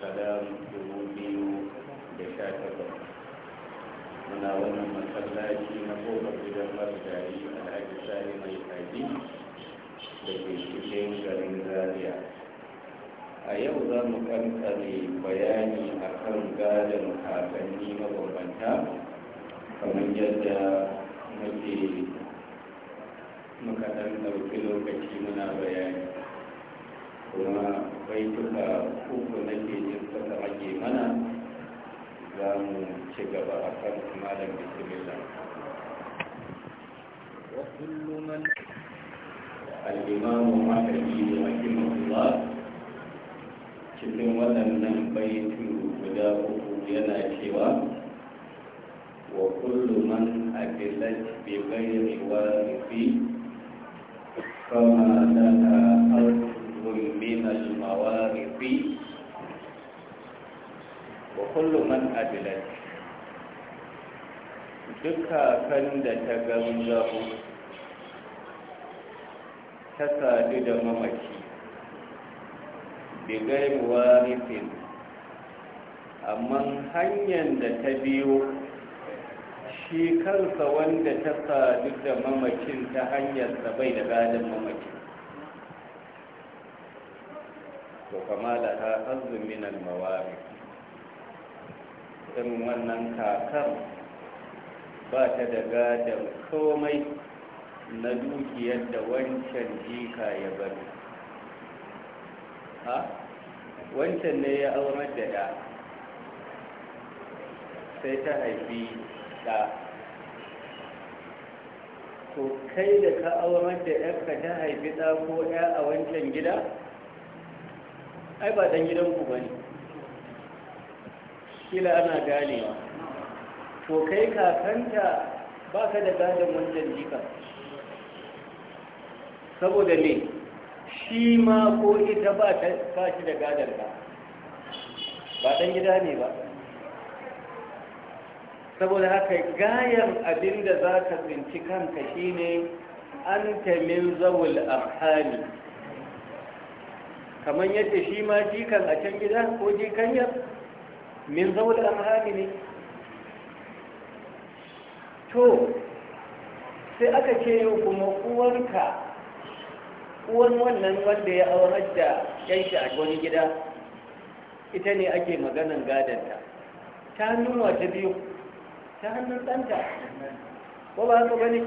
salam dubu biyu da sha takwas muna wannan masallaci na kofar gidan a alhaji sari mai kaji da ke cikin garin zaria a yau za mu kankare bayani a kan gadon kakanni mabambanta kamar yadda muke muka ɗan ɗauki lokaci muna bayani kuma bai duka uku na ke jin ake mana za mu ci gaba a kan malam bismillah wa kullu man al-imam mahdi cikin waɗannan baitu guda uku yana cewa wa kullu man aqilat bi ghairi rufi kullum man abilat duka kan da ta gamzabu ta sadu da mamaki bigai warifin amma hanyar da ta biyo shi kansa wanda ta sadu da mamakin ta hanyarsa bai da gadon mamaki, to kama da ta azumin al-mawarif irin wannan kakar ba ta da gadon komai na dukiyar da wancan jika ya bari ha wancan ne ya aurar da ɗa sai ta haifi ɗa Ko kai da ka aurar da ka ta haifi ɗa ko ɗa a wancan gida ai ba ɗan ku ba ne kila ana ganewa to kai kakanta ba ka da gadon wancan jika saboda ne shi ma ko ita ba ta shi da gadon ka ba ɗan gida ne ba saboda haka gayan abin da za ka tsinci kanka ne an tamin zawul arhami kamar yadda shi ma jikan a can gida ko jikanyar min zaul amhami ne to sai aka ce yau kuma uwarka uwan wannan wanda ya aurar da yanki a wani gida ita ne ake maganan gadanta ta hannun wata biyu ta hannun ɗanta ko ba haka bane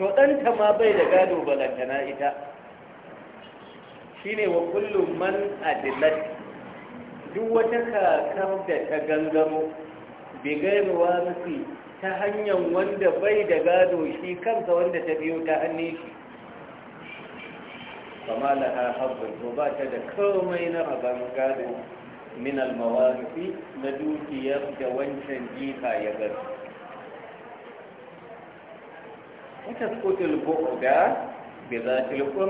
to ɗanta ma bai da gado balantana ita shine wa kullum man adilat duk wata kakar da ta gangamo bigairuwa mafi ta hanyar wanda bai da gado shi kansa wanda ta biyo ta hannun shi kama da haɓar to ba ta da komai na rabon gado min almawarufi na dukiyar da wancan jika ya gari wata skotil buɗa da za ta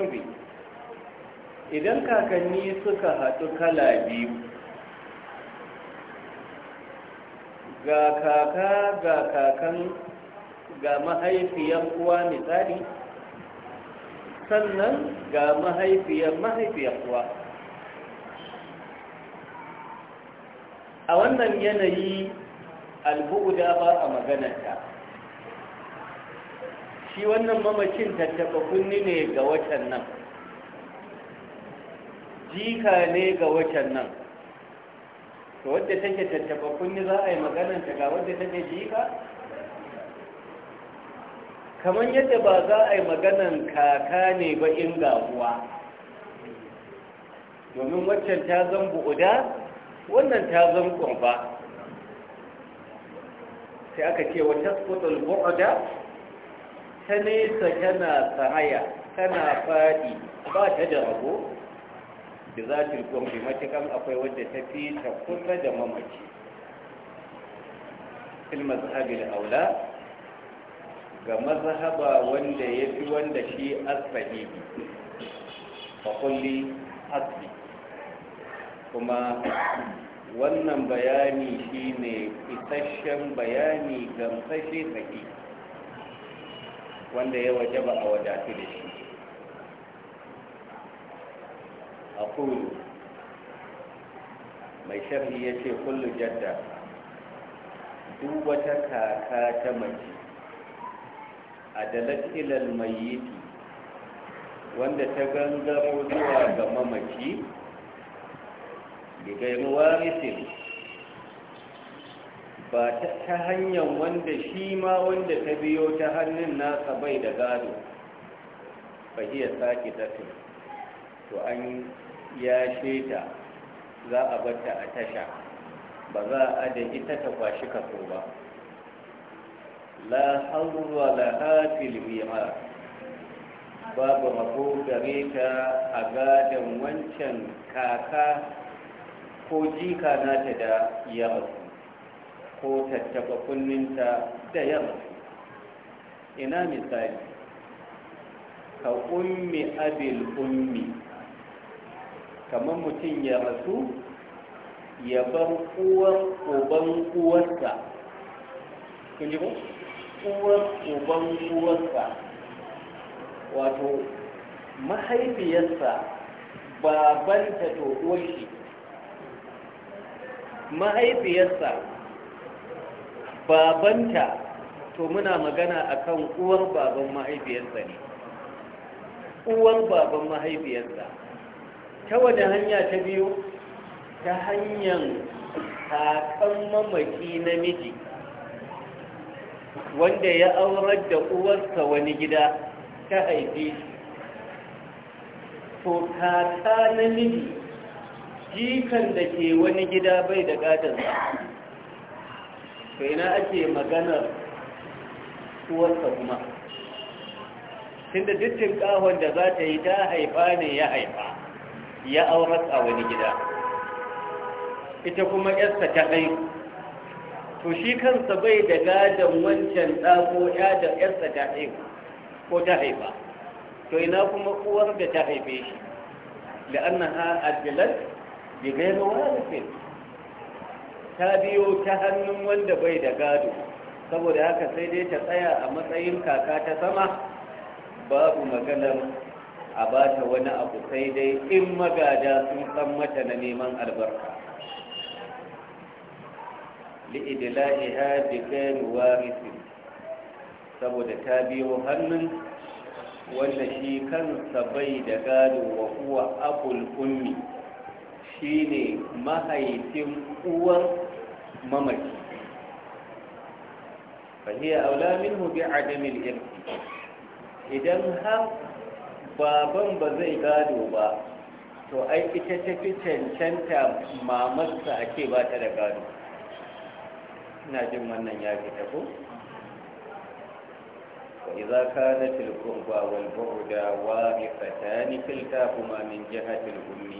idan kakanni suka haɗu kala biyu ga kaka ga kakan ga mahaifiyar uwa misali sannan ga mahaifiyar mahaifiyar uwa a wannan yanayi albu'uda ba a maganarta shi wannan mamacin tattaba kunni ne ga watan nan jika ne ga watan nan to wadda take tattaba kunni za a yi magananta ta ga wadda take jika kamar yadda ba za a yi maganan kaka ne ba in gaguwa domin waccan ta zan buɗa, wannan ta zan kurba sai aka ce wata skutul bu'uda ta nesa tana sahaya tana faɗi ba ta da rago da za ta rikonfi matakan akwai wadda ta fi ta kusa da mamaci filmas abin aula ga mazhaba wanda ya fi wanda shi asfahibi fakulli asfi kuma wannan bayani shi ne isasshen bayani gamsashe sahi wanda ya waje ba a wadatu da shi أقول mai sharhi ya ce kullu jadda duk wata kaka ta mace mai ilal mayyiti wanda ta gangaro zuwa ga mamaci bigairu warisin ba ta hanyar wanda shi ma wanda ta biyo ta hannun nasa bai da gado fahiyar sake tafi to an ya sheta za a batta a tasha ba za a da ita ta kwashi kaso ba la haurwa la hafil mira babu rabo gare ta a gadon wancan kaka ko jika nata da yaro ko tattaba kunninta da yaro ina misali ka ummi abil ummi kamar mutum ya rasu ya bar uwar uban uwarsa kun ji ko uwar uban uwarsa wato mahaifiyarsa babanta to uwar shi mahaifiyarsa babanta to muna magana akan uwar baban mahaifiyarsa ne uwar baban mahaifiyarsa ta wajen hanya ta biyu ta hanyar haƙan mamaki namiji wanda ya aurar da uwarsa wani gida ta haifi to kaka namiji jikan da ke wani gida bai da gadarsa sai na ake maganar uwarsa kuma tunda dukkan ƙahon da za ta yi ta haifa ne ya haifa ya aura a wani gida ita kuma yasta ta ɗai to shi kansa bai da gadon wancan ɗa ko ya da yasta ta ɗai ko ta haifa to ina kuma uwar da ta haife shi ha addilat bi ghayri warithin ta biyo ta hannun wanda bai da gado saboda haka sai dai ta tsaya a matsayin kaka ta sama babu maganar a ba ta wani abu sai dai in magada sun san mata na neman albarka li'idila'iha bi ghairi warisin saboda ta biyo hannun wanda shi kansa bai da gado wa kuwa abul ummi shine mahaifin uwan mamaki fahiyar aula minhu bi adamin irki idan har baban ba zai gado ba to ai ita ta fi cancanta mamarsa a ce ba ta da gado ina jin wannan ya fi tafi وإذا كانت القربى والبعدى وارثتان كلتاهما من جهة الأم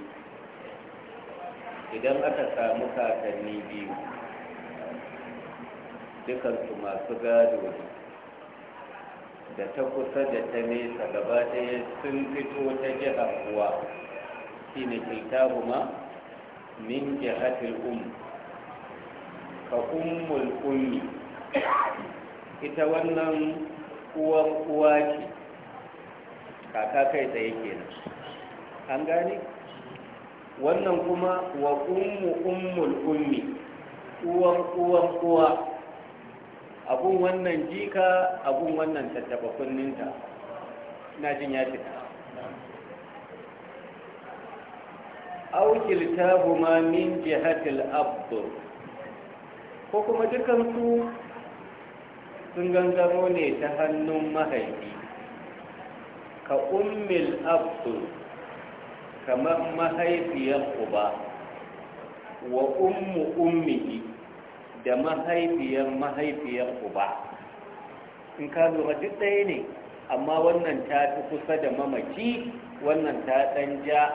idan aka samu kakanni biyu dukansu masu gado ne da ta kusa da ta nesa gaba ɗaya sun fito ta jihar kuwa, shi ne kuma min jihatul um ka ummul ummi ita wannan uwan uwa ce kaka kai tsaye kenan an gane wannan kuma wa ummu ummul ummi uwan uwan uwa abun wannan jika abun wannan tattaba kunninta na jin ya cika aukil tahuma min jihatil abdu ko kuma dukansu sun gangamo ne ta hannun mahaifi ka ummil abdu kamar mahaifiyar uba wa ummu ummihi da mahaifiyar mahaifiyar uba in ka lura duk ɗaya ne amma wannan ta fi kusa da mamaki, wannan ta ɗan ja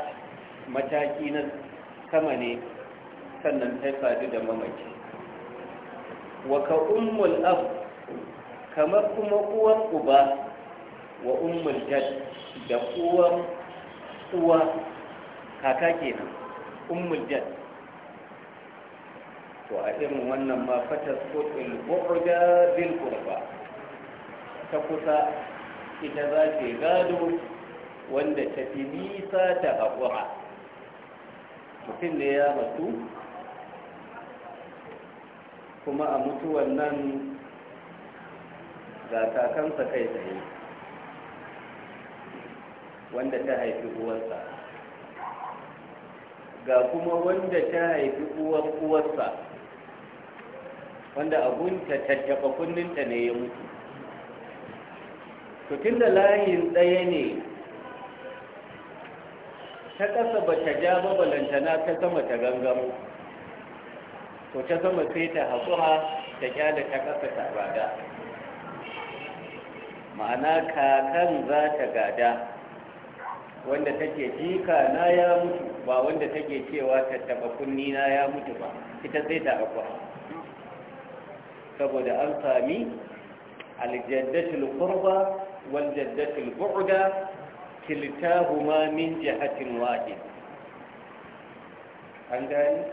mataki na sama ne sannan ta faɗi da mamaki. wa ka ummul ab kamar kuma uwar uba wa ummul jad da uwan uwa kaka kenan ummul jad to a irin wannan ma fatas kutul bu'da bil qurba ta kusa ita za ta gado wanda ta fi nisa ta haƙura mutum ne ya mutu kuma a mutuwan nan ga kakansa kai tsaye wanda ta haifi uwarsa ga kuma wanda ta haifi uwar uwarsa wanda abun ta tattaɓa kunninta ne ya mutu tutun da layin tsaye ne ta ƙasa ba ta ja mabalantana ta sama ta gangamo to ta sama sai ta haƙuwa ta kyala ta ƙasa ta gada ma'ana kakan za ta gada wanda take jika na ya mutu ba wanda take cewa tattaba kunni na ya mutu ba ita sai ta akwa saboda an sami aljaddatul kurba, wal jaddatul bu'da kiltahuma min jihatin wahid an gani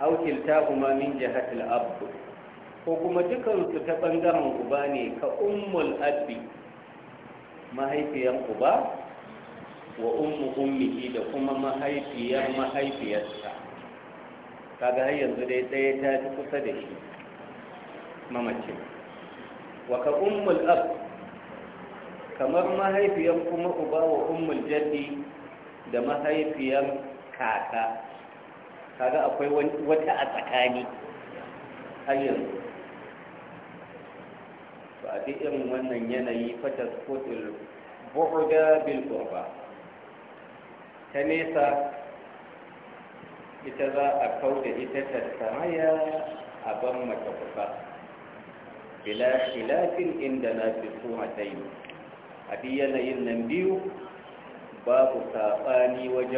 aw kiltahuma min jihatil ab ko kuma su ta bangaren uba ne ka ummul abbi mahaifiyan uba wa ummu ummihi da kuma mahaifiyar mahaifiyarsa kaga har yanzu dai ɗaya ta fi kusa da shi mamacin wa ka ummul ab kamar mahaifiyar kuma uba wa ummul jaddi da mahaifiyar kaka kaga akwai wata a tsakani har yanzu ba a duk irin wannan yanayi fatas kotil bu'uda bil qurba ta nesa ita za a kau da ita ta samaya a ban mata kusa inda na fi suma daini a bi yanayin nan biyu babu saɓani mu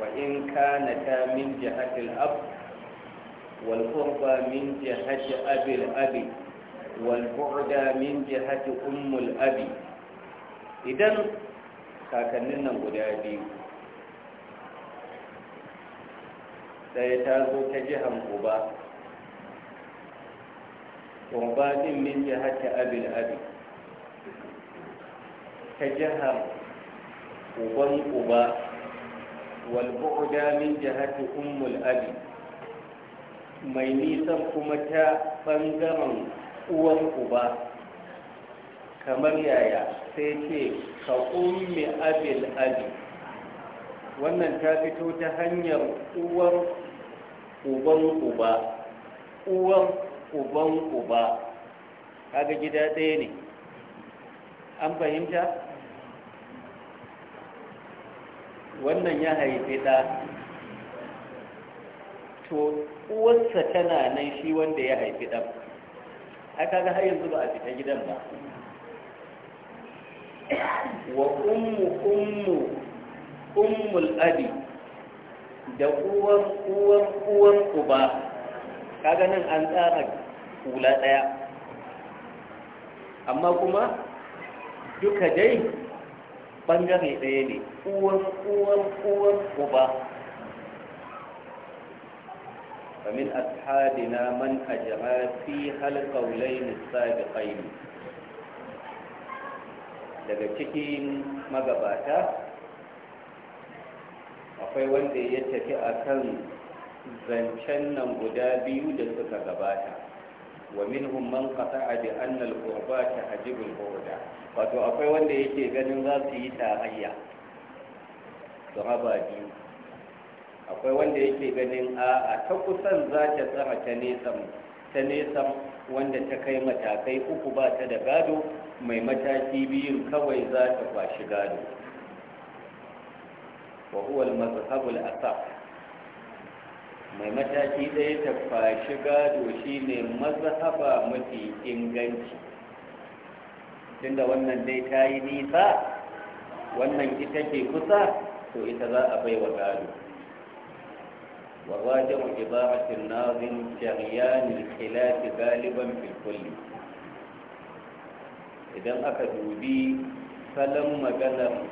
wa in na ta min jihatil ab wal qurba min jihati abil abi wal min jihati ummul abi idan kakannin nan guda biyu Sai ta zo ta jihan uba ba ɗin min jihata abil abi ta jihar uban uba walbu'uda min jihati ummul abi mai nisan kuma ta ɓangaren uwan ba, kamar yaya sai ce ka ummi abil abi wannan ta fito ta hanyar uwar uban uba uwar uban uba kaga gida ɗaya ne an fahimta wannan ya haifi ɗa to uwarsa tana nan shi wanda ya haifi ɗan haka ga har yanzu ba a fita gidan ba wa ummu ummu ummul abi da uwar uwar uwar uba kaga nan an tsara kula daya amma kuma duka dai bangare daya ne uwar uwar uwar uba فمن أصحابنا من أجرى فيها القولين السابقين daga cikin magabata akwai wanda ya tafi akan zancen nan guda biyu da suka gabata wa minhum kasa a bi annal al ta hajibul burda wato akwai wanda yake ganin za su yi tarayya sahaba biyu akwai wanda yake ganin a'a ta kusan za ta tsara ta nesan ta nesan wanda ta kai matakai uku ba ta da gado mai mataki biyun kawai za ta kwashi gado wa huwa al asaf mai mataki ɗaya ta fashi gado shine mazhaba mafi inganci tunda wannan dai ta yi nisa wannan ita ke kusa to ita za a bai wa gado wa wajen ibahatin nazin shari'anin khilafi galiban filkulli idan aka dubi salon maganar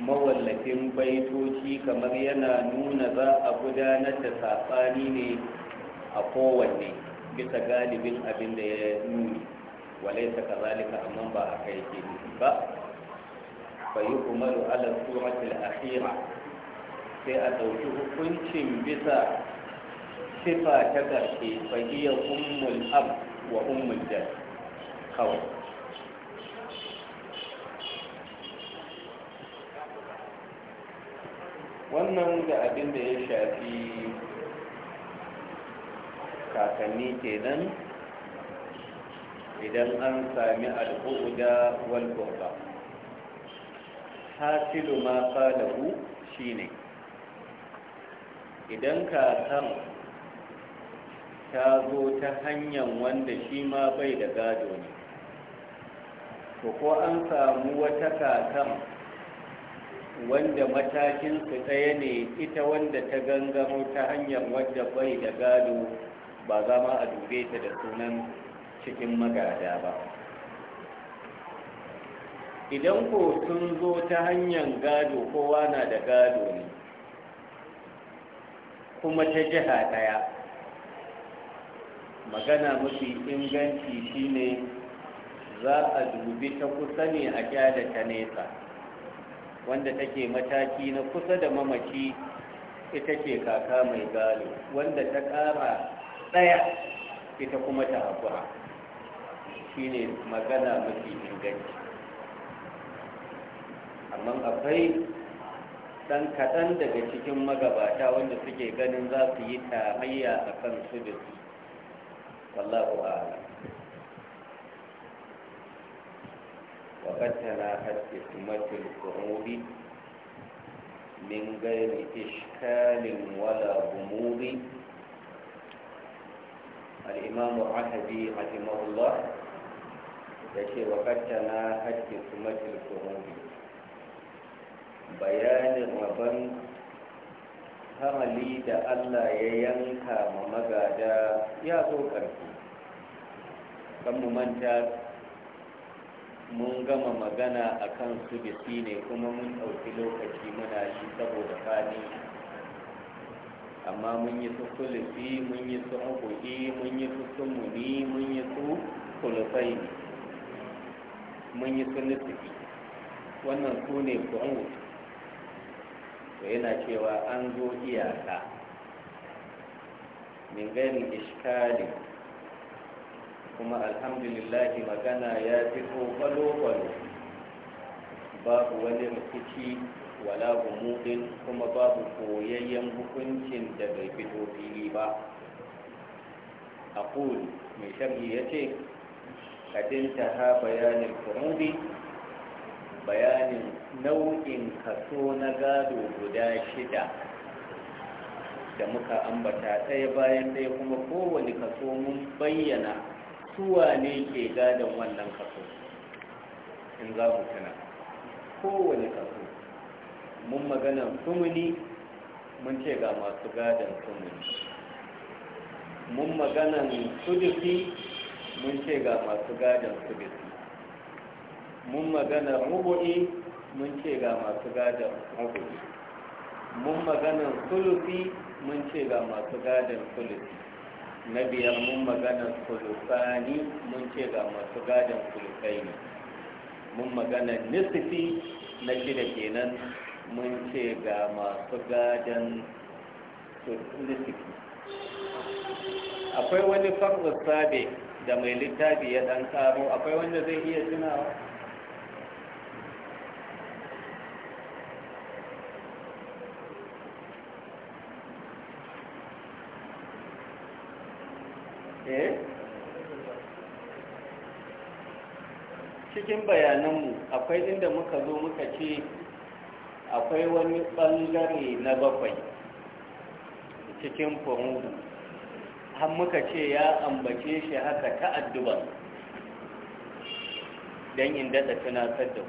mawallafin baitoci kamar yana nuna za a gudanar da saɓani ne a kowanne bisa galibin abin da ya nuni walai ta kazalika amma ba a kai ke nufi ba bayi umaru ala suratul akhira sai a ɗauki hukuncin bisa sifa ta ƙarshe fahiyar ummul ab wa ummul jal kawai wannan da abin da ya shafi kakanni kenan idan an sami al'uda da qurba hasilu ma shi shine idan kakan ta zo ta hanyar wanda shi ma bai da gado ne to ko an samu wata kakan wanda matakin su ɗaya ne ita wanda ta gangamo ta hanyar wadda bai da gado ba zama a dube ta da sunan cikin magada ba idan ko sun zo ta hanyar gado kowa na da gado ne kuma ta jiha ɗaya magana mafi inganci shine za a dubi ta kusa ne a kyada ta nesa wanda take mataki na kusa da mamaci ita ce kaka mai galo wanda ta kara tsaya ita kuma ta haƙura shi ne magana mafi inganci amma akwai ɗan kaɗan daga cikin magabata wanda suke ganin za su yi tarayya a kan su da su wallahu a'lam فتناها الحكمة القعود من غير إشكال ولا غموض الإمام العهدي رحمه الله يشي وقد تناها الحكمة القعود بيان ربان hamali da Allah ya yanka ma magada ya zo ƙarfi kan mu manta mun gama magana a kan su ne kuma mun ɗauki lokaci muna shi saboda fadi amma mun yi su kulisi mun yi su haƙoƙi mun yi su sumuni mun yi su kulusai mun yi su nufi wannan su ne ku'ud to yana cewa an zo iyaka min gani ishkalin kuma alhamdulillahi magana ya fi kwalo-kwalo babu wani rikici wala gumudin kuma babu koyayyen hukuncin da bai fito fili ba a kuli mai sharhi ya ce kadinta ha bayanin kurudi bayanin nau'in kaso na gado guda shida da muka ambata ɗaya bayan ɗaya kuma kowane kaso mun bayyana suwa ne ke gadon wannan kaso in za mu tana kowane kaso mun magana sumuni mun ce ga masu gadon sumuni mun magana sudufi mun ce ga masu gadon sudufi mun magana rubu'i mun ce ga masu gadon rubu'i mun magana sulufi mun ce ga masu gadon sulufi na biyar mun magana kulufani mun ce ga masu gadon kulufai ne mun magana nisifi na shida kenan mun ce ga masu gadon nisifi akwai wani farko sabe da mai littafi ya dan karo akwai wanda zai iya tunawa cikin bayananmu akwai inda muka zo muka ce akwai wani ɓangare na bakwai cikin furudu har muka ce ya ambace shi haka ta addu'a don in daɗa tunatar da ku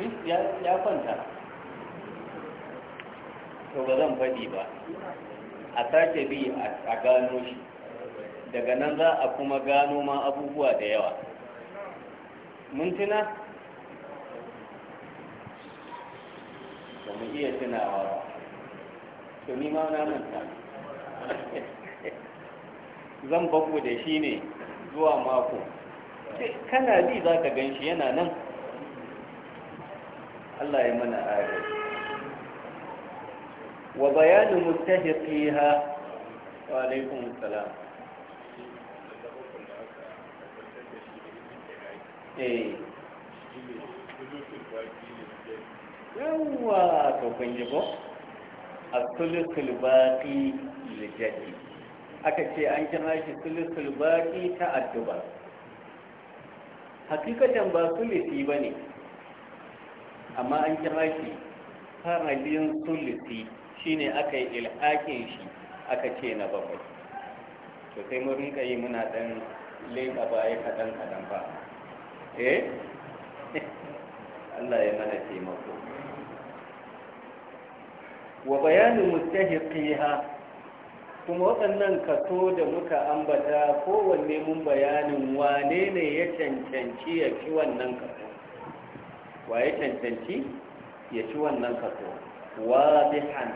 hmm? ya kwanta to ba zan faɗi ba a sake bi a gano shi daga nan za a kuma gano ma abubuwa da yawa mun tuna ba mu iya tunawa ba to ni ma na manta zan baku da shi ne zuwa mako kana ji za ka gan shi yana nan Allah ya mana ari wa bayanin mustahiqiha wa alaikum salam Eh. yawa to kun ji ko a sulusul baki, lijadi aka ce an kira shi sulusul baki ta addu'a hakikatan ba sulusi ba ne amma an kira shi farajin sulusi shine aka yi ilhakin shi aka ce na bakwai to sai mu rinka yi muna dan leƙa baya kaɗan kaɗan ba eh Allah ya mana taimako wa bayanin mustahiqiha kuma waɗannan kaso da muka ambata kowanne mun bayanin wane ne ya cancanci ya ci wannan kaso wa ya cancanci ya ci wannan kaso bihan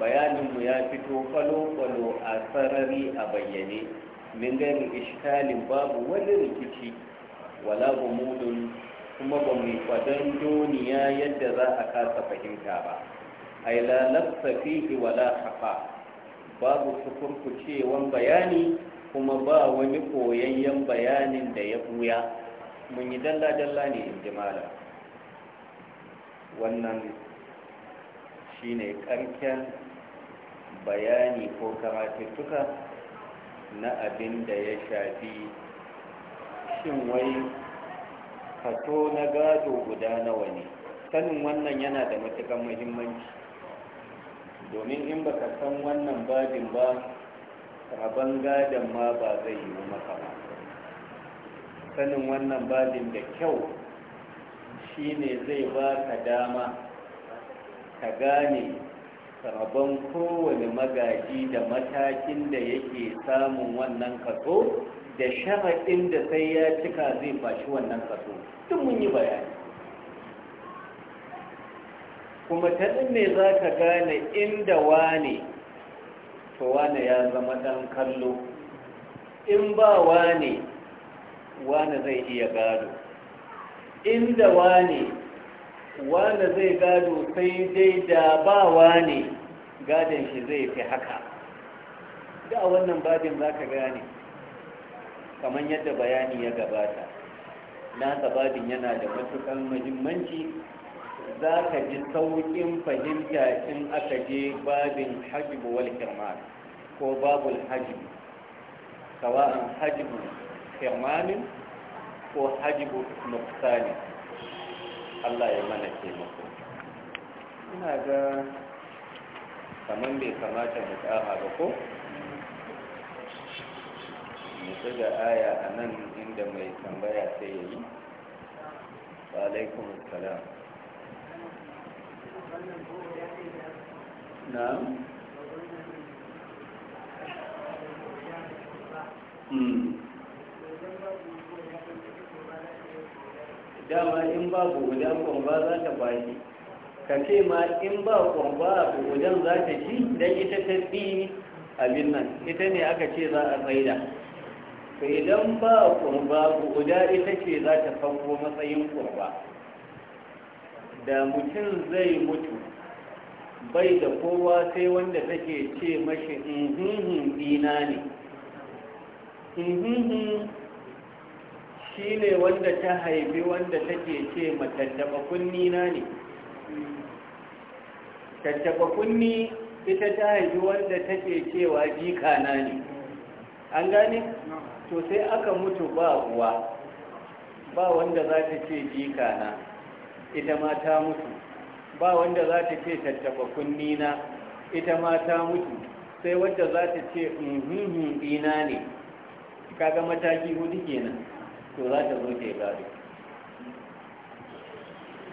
bayaninmu ya fito kwalo-kwalo a sarari a bayyane min gani iskalin babu wani rikici wala gumudun kuma ba mu kwadon duniya yadda za a kasa fahimta ba A la lafsa fihi wala hafa babu sukurkucewan bayani kuma ba wani koyayyen bayanin da ya buya mun yi dalla-dalla ne in ji malam wannan shine karken bayani ko karatattuka na abin da ya shafi shin wai kato na gado guda nawa ne sanin wannan yana da matukan muhimmanci domin in ba ka san wannan badin ba rabon gadon ma ba zai yi maka ba sanin wannan babin da kyau shine zai ba ka dama ka gane rabon kowane magaji da matakin da yake samun wannan kaso da sharaɗin da sai ya cika zai fashi wannan kaso tun mun yi bayani kuma ta ne za ka gane inda wane to wane ya zama ɗan kallo in ba wane wane zai iya gado inda wane wane zai gado sai dai da ba wane gadon shi zai fi haka da wannan babin za ka gane kamar yadda bayani ya gabata na sababin yana da matukan muhimmanci za ka ji sauƙin fahimta in aka je babin hajjibu wal ko babul hajjibu kawai hajjibu kirmanin ko hajjibu nuksani Allah ya mana ke taimako ina ga kamar bai kamata mu tsara ba ko mutu da aya a nan inda mai tambaya sai ya yi alaikun salam na hmm. dama in ba ku gudan kwamba za ta baki ka ce ma in ba kwamba a gudan za ta ci don ita ta tsini abin nan ita ne aka ce za a tsaida to idan ba kurba guda ita ce za ta fanko matsayin kurba da mutum zai mutu bai da kowa sai wanda take ce mashi inhinhin dina ne inhinhin shi ne wanda ta haifi wanda take ce matattaba kunni na ne tattaba kunni ita ta haifi wanda take cewa jika na ne an gane to sai aka mutu ba ruwa ba wanda za ta ce jika na ita ma ta mutu ba wanda za ta ce tattaba kunni na ita ma ta mutu sai wanda za ta ce muhimmin dina ne kaga mataki hudu kenan to za ta zo ke gado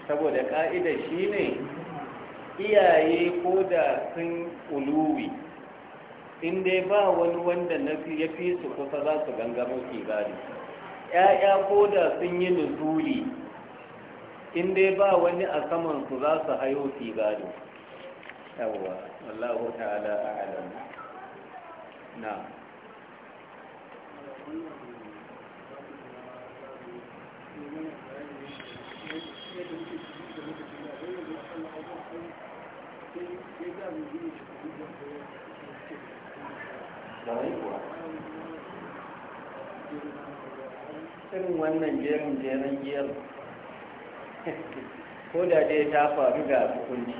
saboda ka'idar shi ne iyaye ko da sun uluwi in dai ba wani wanda na ya fi su kusa za su gangamo gari ƴaƴa ko da sun yi nuzuli in dai ba wani a saman su za su hayo gari yawwa wallahu ta'ala a'lam na Thank you. da raikuwa irin wannan jerin jerin giyar ko da dai ta faru ga hukunci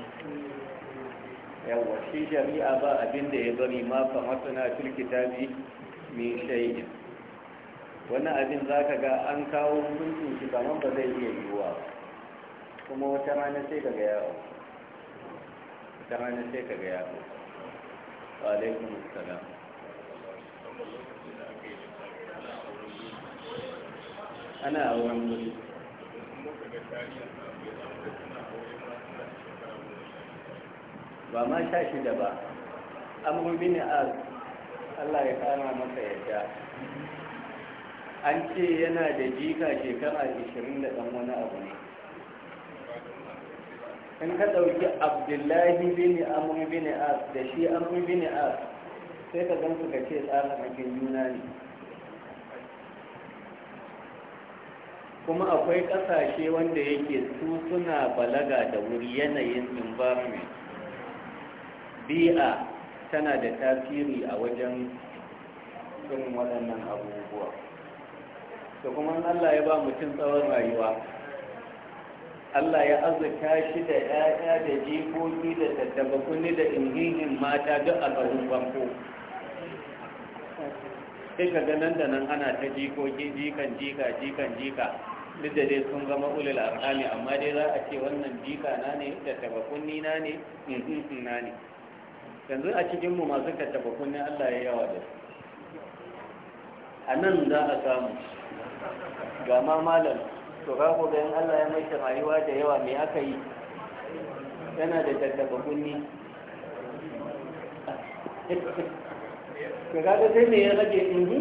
yawwa shi shari'a ba abin da ya bari ma kamata na filkitabi mai shaidin wani abin za ka ga an kawo hukuncin shi kamar ba zai iya yiwuwa kuma wata rana sai ka ga yawo wata rana sai ka ga yawo wa alaikun salam ana a wurin wuri ba ma sha shi da ba amurbin az allah ya kama masa yadda an ce yana da jika shekara 20 da ɗan wani abu ne in ka ɗauki abdullahi bin amur bin as da shi amur bin as sai ka gansu ka ce tsarin makin juna ne kuma akwai ƙasashe wanda yake su suna balaga da wuri yanayin environment bi'a tana da tasiri a wajen irin waɗannan abubuwa da kuma allah ya ba mutum tsawon rayuwa allah ya arzika shi da 'ya'ya da jikoki da tattabakuni da ingihin mata duk a ƙarfin banko sai ka ga nan da nan ana ta jikoki jikan jika jikan jika duk da dai sun zama ulil al'ami amma dai za a ce wannan jika na ne da tabakunni na ne na ne yanzu a cikinmu masu ka tabakunni allah ya yawa da su a nan za a samu ga ma malam to kako ga yin allah ya mai rayuwa da yawa mai aka yi yana da kunni. ka gaga sai me yana ke in yi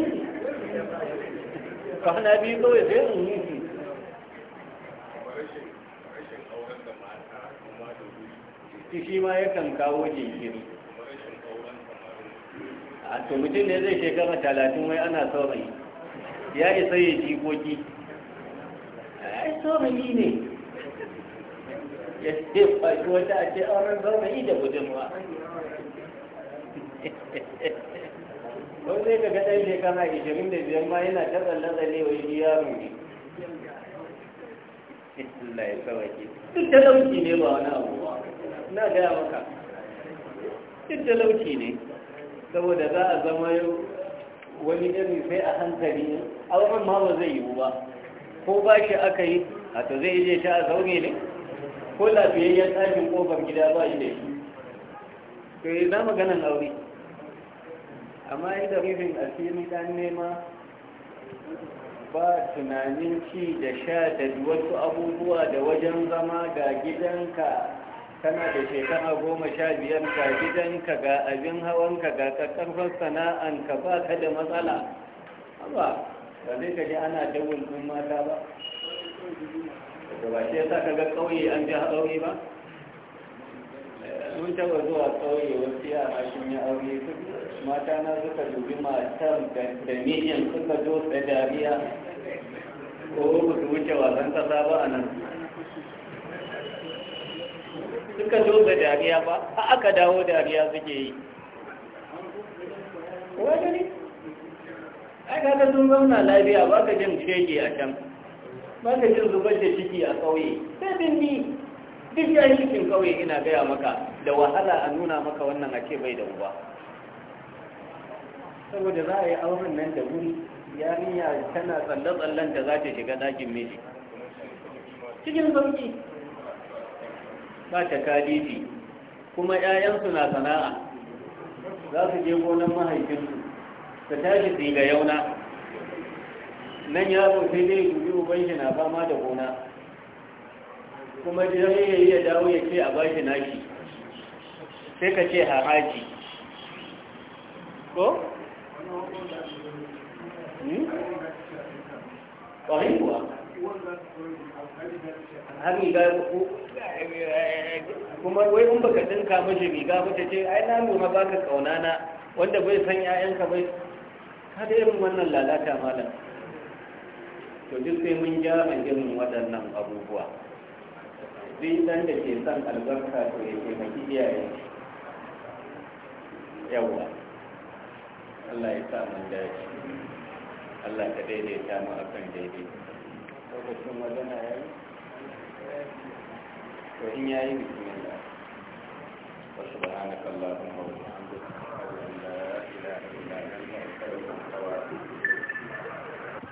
ka hana biyu kawai sai in yi shi shi ma yakan kawo jinkiri a to ne zai shekara talatin wai ana saurayi ya isa ya jikoki ai saurayi ne ya ce fashi wata a ce auren saurayi da budurwa wani zai gaɗa ɗan shekara ashirin da biyar ma yana ta tsalle wa yi ya ne Allah ya sauraki. duk lauki ne ba wani abu ba na gaya maka duk lauki ne saboda za a zama wani irin sai a hankali auren ma ba zai yiwu ba ko ba shi aka yi a to zai je ta a zaune ne ko lafiyayyen tsakin ƙofar gida ba shi da shi to yi za maganan aure amma yi da rufin asiri dan nema ba tunanin ci da sha da wasu abubuwa da wajen zama ga gidanka tana da shekara goma sha biyar ga gidanka ga abin hawanka ga kakkarfar sana'anka ba ka da matsala ba ba zai ka ji ana dawul mata ba da ba shi ya sa ka ga ƙauye an ji haɗauri ba taba zuwa kauye wasu yara sun yi aure mata na suka dubi matan da mijin suka zo da dariya ko ba su wuce wasan kasa ba a nan suka zo da dariya ba a aka dawo dariya suke yi wani ne ai kaga sun zauna lafiya ba ka jin shege a can ba ka jin zubar da ciki a kauye sai bin duk jahilcin kawai ina gaya maka da wahala a nuna maka wannan a ce bai da uba saboda za a yi auren nan da wuri yarinya tana tsalle-tsallen da za ta shiga ɗakin miji cikin sauki ba ta kalifi kuma 'ya'yansu na sana'a za su je gonan mahaifinsu ta tashi ga yauna nan yaro sai dai dubi uban shi na fama da gona kuma da zai ya yi dawo ya ce a bashi nashi sai ka ce haraji ko? Hmm? ƙwarin kuwa har riga kuma wai in baka dinka mashi riga mace ce ai na lura baka ƙaunana wanda bai san 'ya'yanka bai kada yin wannan lalata malam to duk sai mun gyara irin waɗannan abubuwa duk da ke son albarka to ya ke maki iyaye yawa Allah ya sa mun dace Allah ka daidaita mu akan daidai lokacin magana ya yi to in ya yi bismillah wa subhanaka allahumma wa bihamdika